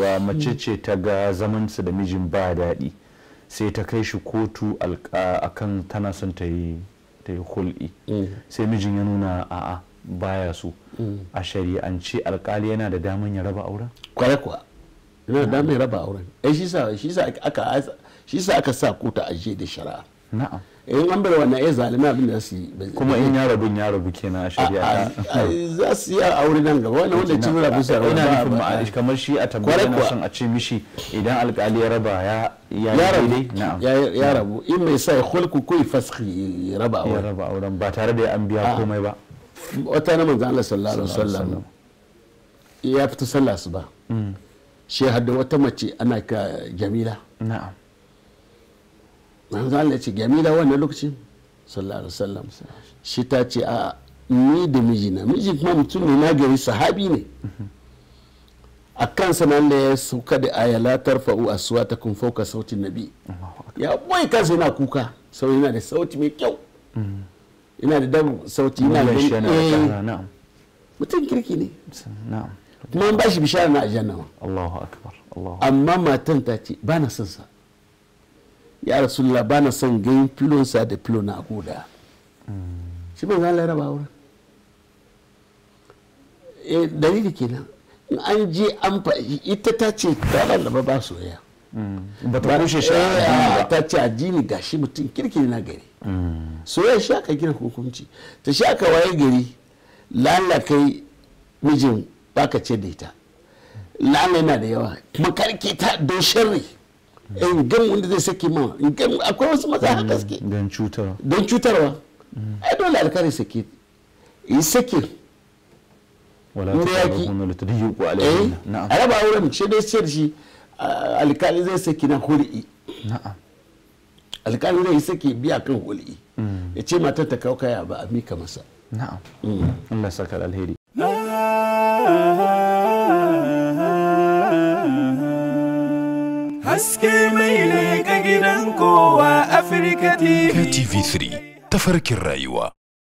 cewa mace ce ta ga zamansu da mijin ba daɗi sai ta kai shi kotu akan tana son ta yi hulɗi mm. sai mijin ya nuna a'a baya so mm. a shari'ance alkali yana da daman ya raba auren kwaya kuwa yana da daman ya raba auren eh, shi sa aka sa kotu ajiye da shari'a na'am in eh, an bar wannan ya eh, zalimi abin da su yi kuma in ya rabu ya rabu kenan a shari'a za su yi a nan gaba wannan wanda cin rabu su rabu ina nufin ma'alish kamar shi a tabbata na son a ce mishi idan alƙali ya raba ya ya rabu ya rabu in mai sa hulku ko faski ya raba aure. ya raba aure ba tare da an biya komai ba wata na manzo Allah sallallahu alaihi wasallam ya fita sallah su ba mm. shi hadda wata mace ana ka jamila na'am manzo Allah ce da wannan lokacin sallallahu alaihi wasallam shi ta ce a ni da mijina miji kuma mutum ne na gari sahabi ne a kansa nan da ya sauka da aya la tarfa'u aswatakum fawqa sautin nabi ya boye kansa yana kuka sau yana da sauti mai kyau mm. yana da dan sauti yana da eh. mutum kirki ne kuma ba shi bishara na a Allahu akbar amma matan ta ce ba na son sa ya rasulullah ba na son ganin filonsa da filo na guda shi ban zan laraba wurin eh dalili kenan an je an faɗi ita ta ce ta lallaba ba soyayya mm. ba ta kushe shi eh, ta ce ni gashi mutum kirkiri na gari mm. soyayya shi aka gina hukunci ta shi aka waye gari lalakai mijin baka ce da ita lalai na da yawa makarki ta don sharri Eh, in gan wanda zai saki ma in akwai wasu maza haka suke don cutarwa don cutarwa mm. ai dole alkari saki yi sake yi ya ki a raba wurin shi dai siyar shi alkali zai saki na hul'i alkali zai saki biya kan hulii mm. ya ce matar ta kawo kaya ba a mika masa na'am mm. Allah saka alheri haske mai leƙa gidan kowa Afirka TV. KTV3 tafarkin rayuwa.